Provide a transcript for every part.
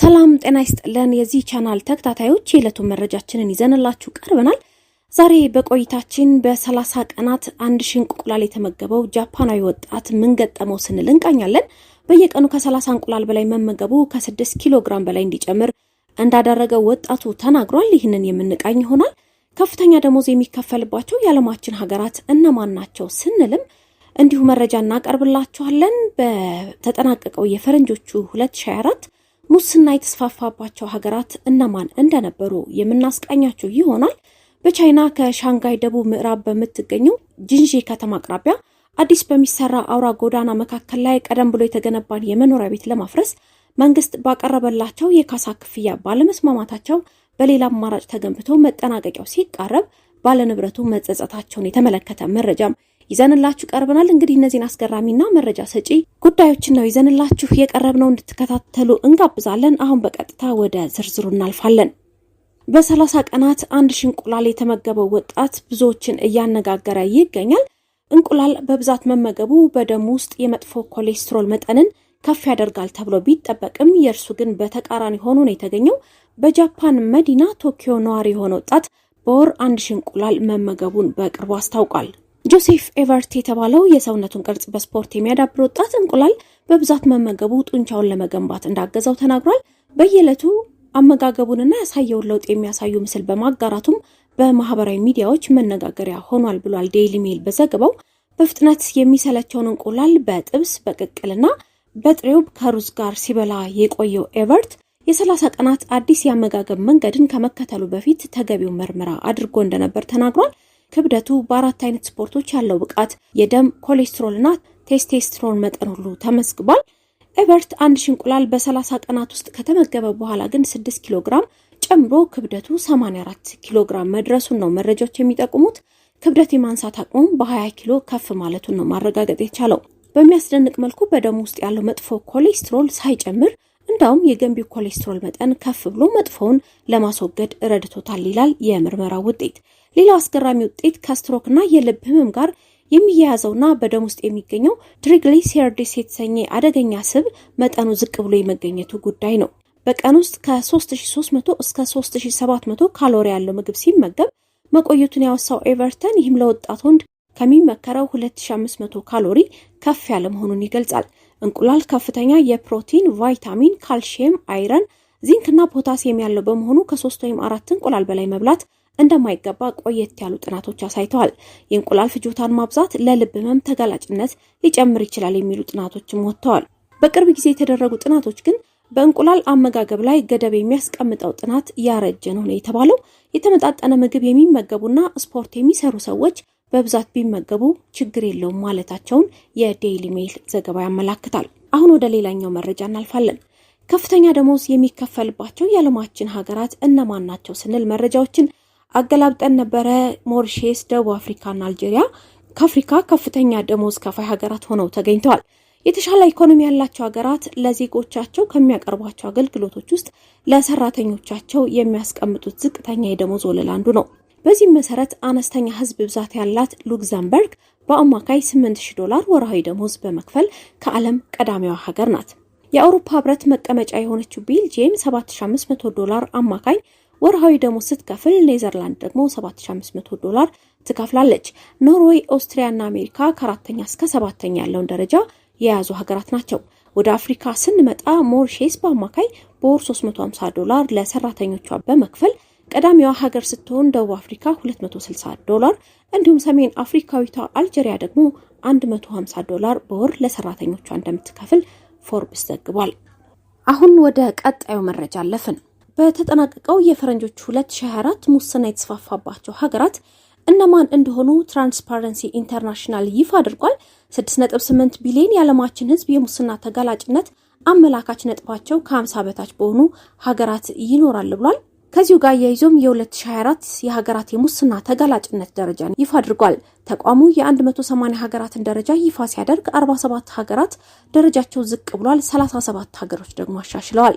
ሰላም ጤና ይስጥልን። የዚህ ቻናል ተከታታዮች የዕለቱን መረጃችንን ይዘንላችሁ ቀርበናል። ዛሬ በቆይታችን በሰላሳ ቀናት አንድ ሺህ እንቁላል የተመገበው ጃፓናዊ ወጣት ምን ገጠመው ስንል እንቃኛለን። በየቀኑ ከሰላሳ እንቁላል በላይ መመገቡ ከስድስት ኪሎ ግራም በላይ እንዲጨምር እንዳደረገው ወጣቱ ተናግሯል። ይህንን የምንቃኝ ይሆናል። ከፍተኛ ደሞዝ የሚከፈልባቸው የዓለማችን ሀገራት እነማን ናቸው ስንልም እንዲሁ መረጃ እናቀርብላችኋለን። በተጠናቀቀው የፈረንጆቹ 2024 ሙስና የተስፋፋባቸው ሀገራት እነማን እንደነበሩ የምናስቃኛችሁ ይሆናል። በቻይና ከሻንጋይ ደቡብ ምዕራብ በምትገኘው ጅንዤ ከተማ አቅራቢያ አዲስ በሚሰራ አውራ ጎዳና መካከል ላይ ቀደም ብሎ የተገነባን የመኖሪያ ቤት ለማፍረስ መንግስት ባቀረበላቸው የካሳ ክፍያ ባለመስማማታቸው በሌላ አማራጭ ተገንብቶ መጠናቀቂያው ሲቃረብ ባለንብረቱ መጸጸታቸውን የተመለከተ መረጃም ይዘንላችሁ ቀርበናል። እንግዲህ እነዚህን አስገራሚና መረጃ ሰጪ ጉዳዮችን ነው ይዘንላችሁ የቀረብነው። እንድትከታተሉ እንጋብዛለን። አሁን በቀጥታ ወደ ዝርዝሩ እናልፋለን። በሰላሳ ቀናት አንድ ሺ እንቁላል የተመገበው ወጣት ብዙዎችን እያነጋገረ ይገኛል። እንቁላል በብዛት መመገቡ በደም ውስጥ የመጥፎ ኮሌስትሮል መጠንን ከፍ ያደርጋል ተብሎ ቢጠበቅም የእርሱ ግን በተቃራኒ ሆኖ ነው የተገኘው። በጃፓን መዲና ቶኪዮ ነዋሪ የሆነ ወጣት በወር አንድ ሺ እንቁላል መመገቡን በቅርቡ አስታውቋል። ጆሴፍ ኤቨርት የተባለው የሰውነቱን ቅርጽ በስፖርት የሚያዳብር ወጣት እንቁላል በብዛት መመገቡ ጡንቻውን ለመገንባት እንዳገዘው ተናግሯል። በየዕለቱ አመጋገቡንና ያሳየውን ለውጥ የሚያሳዩ ምስል በማጋራቱም በማህበራዊ ሚዲያዎች መነጋገሪያ ሆኗል ብሏል ዴይሊ ሜል በዘገባው። በፍጥነት የሚሰለቸውን እንቁላል በጥብስ በቅቅልና በጥሬው ከሩዝ ጋር ሲበላ የቆየው ኤቨርት የሰላሳ ቀናት አዲስ የአመጋገብ መንገድን ከመከተሉ በፊት ተገቢው ምርመራ አድርጎ እንደነበር ተናግሯል። ክብደቱ በአራት አይነት ስፖርቶች ያለው ብቃት፣ የደም ኮሌስትሮልና ቴስቴስትሮን መጠን ሁሉ ተመዝግቧል። ኤቨርት አንድ ሽንቁላል እንቁላል በ30 ቀናት ውስጥ ከተመገበ በኋላ ግን 6 ኪሎ ግራም ጨምሮ ክብደቱ 84 ኪሎ ግራም መድረሱን ነው መረጃዎች የሚጠቁሙት። ክብደት የማንሳት አቅሙም በ20 ኪሎ ከፍ ማለቱን ነው ማረጋገጥ የቻለው። በሚያስደንቅ መልኩ በደም ውስጥ ያለው መጥፎ ኮሌስትሮል ሳይጨምር እንዳውም የገንቢው ኮሌስትሮል መጠን ከፍ ብሎ መጥፎውን ለማስወገድ ረድቶታል ይላል የምርመራው ውጤት። ሌላው አስገራሚ ውጤት ከስትሮክና የልብ ህመም ጋር የሚያያዘውና በደም ውስጥ የሚገኘው ትሪግሊሴርዲስ የተሰኘ አደገኛ ስብ መጠኑ ዝቅ ብሎ የመገኘቱ ጉዳይ ነው። በቀን ውስጥ ከ3300 እስከ 3700 ካሎሪ ያለው ምግብ ሲመገብ መቆየቱን ያወሳው ኤቨርተን ይህም ለወጣት ወንድ ከሚመከረው 2500 ካሎሪ ከፍ ያለ መሆኑን ይገልጻል። እንቁላል ከፍተኛ የፕሮቲን፣ ቫይታሚን፣ ካልሽየም፣ አይረን፣ ዚንክና ፖታሲየም ያለው በመሆኑ ከሶስት ወይም አራት እንቁላል በላይ መብላት እንደማይገባ ቆየት ያሉ ጥናቶች አሳይተዋል። የእንቁላል ፍጆታን ማብዛት ለልብ ህመም ተጋላጭነት ሊጨምር ይችላል የሚሉ ጥናቶችም ወጥተዋል። በቅርብ ጊዜ የተደረጉ ጥናቶች ግን በእንቁላል አመጋገብ ላይ ገደብ የሚያስቀምጠው ጥናት ያረጀ ነው ነው የተባለው። የተመጣጠነ ምግብ የሚመገቡና ስፖርት የሚሰሩ ሰዎች በብዛት ቢመገቡ ችግር የለውም ማለታቸውን የዴይሊ ሜል ዘገባ ያመላክታል። አሁን ወደ ሌላኛው መረጃ እናልፋለን። ከፍተኛ ደሞዝ የሚከፈልባቸው የዓለማችን ሀገራት እነማን ናቸው ስንል መረጃዎችን አገላብጠን ነበረ። ሞሪሼስ፣ ደቡብ አፍሪካና አልጄሪያ ከአፍሪካ ከፍተኛ ደሞዝ ከፋይ ሀገራት ሆነው ተገኝተዋል። የተሻለ ኢኮኖሚ ያላቸው ሀገራት ለዜጎቻቸው ከሚያቀርቧቸው አገልግሎቶች ውስጥ ለሰራተኞቻቸው የሚያስቀምጡት ዝቅተኛ የደሞዝ ወለል አንዱ ነው። በዚህም መሰረት አነስተኛ ህዝብ ብዛት ያላት ሉክዘምበርግ በአማካይ 8000 ዶላር ወርሃዊ ደሞዝ በመክፈል ከዓለም ቀዳሚዋ ሀገር ናት። የአውሮፓ ህብረት መቀመጫ የሆነችው ቤልጅየም 7500 ዶላር አማካኝ ወርሃዊ ደሞዝ ስትከፍል ኔዘርላንድ ደግሞ 7500 ዶላር ትከፍላለች። ኖርዌይ፣ ኦስትሪያና አሜሪካ ከአራተኛ እስከ ሰባተኛ ያለውን ደረጃ የያዙ ሀገራት ናቸው። ወደ አፍሪካ ስንመጣ ሞርሼስ በአማካይ በወር 350 ዶላር ለሰራተኞቿ በመክፈል ቀዳሚዋ ሀገር ስትሆን ደቡብ አፍሪካ 260 ዶላር እንዲሁም ሰሜን አፍሪካዊቷ አልጀሪያ ደግሞ 150 ዶላር በወር ለሰራተኞቿ እንደምትከፍል ፎርብስ ዘግቧል። አሁን ወደ ቀጣዩ መረጃ አለፍን። በተጠናቀቀው የፈረንጆች 2024 ሙስና የተስፋፋባቸው ሀገራት እነማን እንደሆኑ ትራንስፓረንሲ ኢንተርናሽናል ይፋ አድርጓል። 6.8 ቢሊዮን የዓለማችን ሕዝብ የሙስና ተጋላጭነት አመላካች ነጥባቸው ከ50 በታች በሆኑ ሀገራት ይኖራል ብሏል። ከዚሁ ጋር አያይዞም የ2024 የሀገራት የሙስና ተጋላጭነት ደረጃን ይፋ አድርጓል። ተቋሙ የ180 ሀገራትን ደረጃ ይፋ ሲያደርግ 47 ሀገራት ደረጃቸው ዝቅ ብሏል፣ 37 ሀገሮች ደግሞ አሻሽለዋል።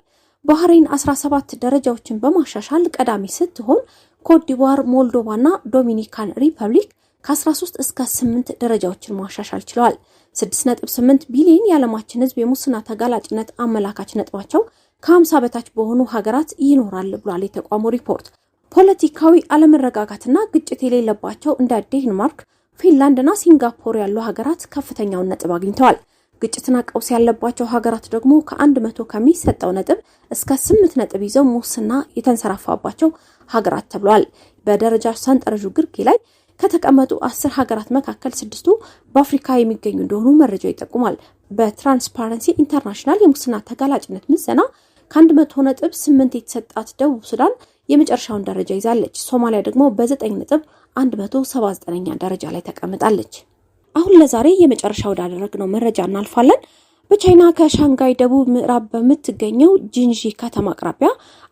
ባህሬን 17 ደረጃዎችን በማሻሻል ቀዳሚ ስትሆን ኮትዲቯር፣ ሞልዶቫና ዶሚኒካን ሪፐብሊክ ከ13 እስከ 8 ደረጃዎችን ማሻሻል ችለዋል። 6.8 ቢሊዮን የዓለማችን ሕዝብ የሙስና ተጋላጭነት አመላካች ነጥባቸው ከ50 በታች በሆኑ ሀገራት ይኖራል ብሏል የተቋሙ ሪፖርት። ፖለቲካዊ አለመረጋጋትና ግጭት የሌለባቸው እንደ ዴንማርክ፣ ፊንላንድ እና ሲንጋፖር ያሉ ሀገራት ከፍተኛውን ነጥብ አግኝተዋል። ግጭትና ቀውስ ያለባቸው ሀገራት ደግሞ ከአንድ መቶ ከሚሰጠው ነጥብ እስከ ስምንት ነጥብ ይዘው ሙስና የተንሰራፋባቸው ሀገራት ተብሏል። በደረጃ ሰንጠረዡ ግርጌ ላይ ከተቀመጡ አስር ሀገራት መካከል ስድስቱ በአፍሪካ የሚገኙ እንደሆኑ መረጃው ይጠቁማል። በትራንስፓረንሲ ኢንተርናሽናል የሙስና ተጋላጭነት ምዘና ከአንድ መቶ ነጥብ ስምንት የተሰጣት ደቡብ ሱዳን የመጨረሻውን ደረጃ ይዛለች። ሶማሊያ ደግሞ በዘጠኝ ነጥብ አንድ መቶ ሰባ ዘጠነኛ ደረጃ ላይ ተቀምጣለች። አሁን ለዛሬ የመጨረሻ ወዳደረግነው መረጃ እናልፋለን። በቻይና ከሻንጋይ ደቡብ ምዕራብ በምትገኘው ጂንዢ ከተማ አቅራቢያ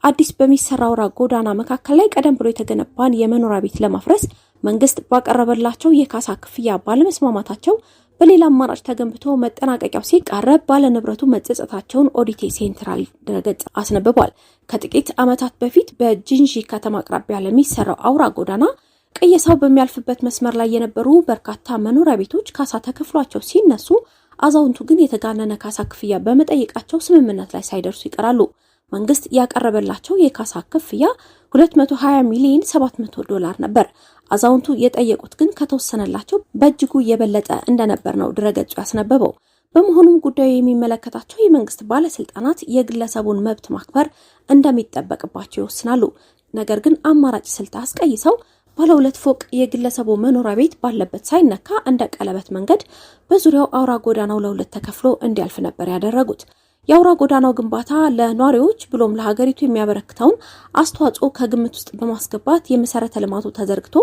አዲስ በሚሰራ አውራ ጎዳና መካከል ላይ ቀደም ብሎ የተገነባን የመኖሪያ ቤት ለማፍረስ መንግስት ባቀረበላቸው የካሳ ክፍያ ባለመስማማታቸው በሌላ አማራጭ ተገንብቶ መጠናቀቂያው ሲቃረብ ባለንብረቱ መጸጸታቸውን ኦዲቴ ሴንትራል ድረገጽ አስነብቧል። ከጥቂት ዓመታት በፊት በጂንዢ ከተማ አቅራቢያ ለሚሰራው አውራ ጎዳና ቅየሳው በሚያልፍበት መስመር ላይ የነበሩ በርካታ መኖሪያ ቤቶች ካሳ ተከፍሏቸው ሲነሱ አዛውንቱ ግን የተጋነነ ካሳ ክፍያ በመጠየቃቸው ስምምነት ላይ ሳይደርሱ ይቀራሉ። መንግስት ያቀረበላቸው የካሳ ክፍያ 220 ሚሊዮን 700 ዶላር ነበር። አዛውንቱ የጠየቁት ግን ከተወሰነላቸው በእጅጉ የበለጠ እንደነበር ነው ድረገጹ ያስነበበው። በመሆኑም ጉዳዩ የሚመለከታቸው የመንግስት ባለስልጣናት የግለሰቡን መብት ማክበር እንደሚጠበቅባቸው ይወስናሉ። ነገር ግን አማራጭ ስልት አስቀይሰው ባለ ሁለት ፎቅ የግለሰቡ መኖሪያ ቤት ባለበት ሳይነካ እንደ ቀለበት መንገድ በዙሪያው አውራ ጎዳናው ለሁለት ተከፍሎ እንዲያልፍ ነበር ያደረጉት። የአውራ ጎዳናው ግንባታ ለኗሪዎች ብሎም ለሀገሪቱ የሚያበረክተውን አስተዋጽኦ ከግምት ውስጥ በማስገባት የመሰረተ ልማቱ ተዘርግቶ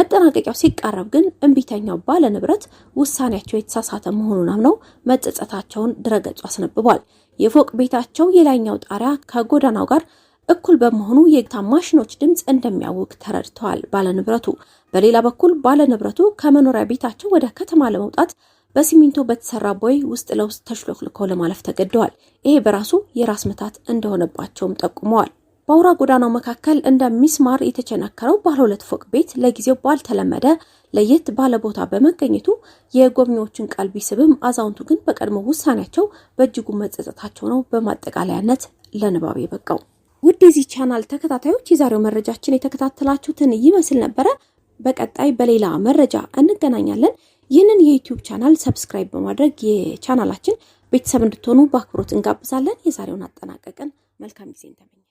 መጠናቀቂያው ሲቃረብ ግን እምቢተኛው ባለ ንብረት ውሳኔያቸው የተሳሳተ መሆኑን አምነው መጸጸታቸውን ድረገጹ አስነብቧል። የፎቅ ቤታቸው የላይኛው ጣሪያ ከጎዳናው ጋር እኩል በመሆኑ ማሽኖች ድምፅ እንደሚያውቅ ተረድተዋል ባለንብረቱ። በሌላ በኩል ባለንብረቱ ከመኖሪያ ቤታቸው ወደ ከተማ ለመውጣት በሲሚንቶ በተሰራ ቦይ ውስጥ ለውስጥ ተሽሎክልኮ ለማለፍ ተገደዋል። ይሄ በራሱ የራስ ምታት እንደሆነባቸውም ጠቁመዋል። በአውራ ጎዳናው መካከል እንደ ሚስማር የተቸነከረው ባለ ሁለት ፎቅ ቤት ለጊዜው ባልተለመደ ለየት ባለ ቦታ በመገኘቱ የጎብኚዎችን ቀልብ ቢስብም አዛውንቱ ግን በቀድሞ ውሳኔያቸው በእጅጉ መጸጸታቸው ነው በማጠቃለያነት ለንባብ የበቃው። ውድ የዚህ ቻናል ተከታታዮች የዛሬው መረጃችን የተከታተላችሁትን ይመስል ነበረ። በቀጣይ በሌላ መረጃ እንገናኛለን። ይህንን የዩቲዩብ ቻናል ሰብስክራይብ በማድረግ የቻናላችን ቤተሰብ እንድትሆኑ በአክብሮት እንጋብዛለን። የዛሬውን አጠናቀቅን። መልካም ጊዜ እንተመኛለን።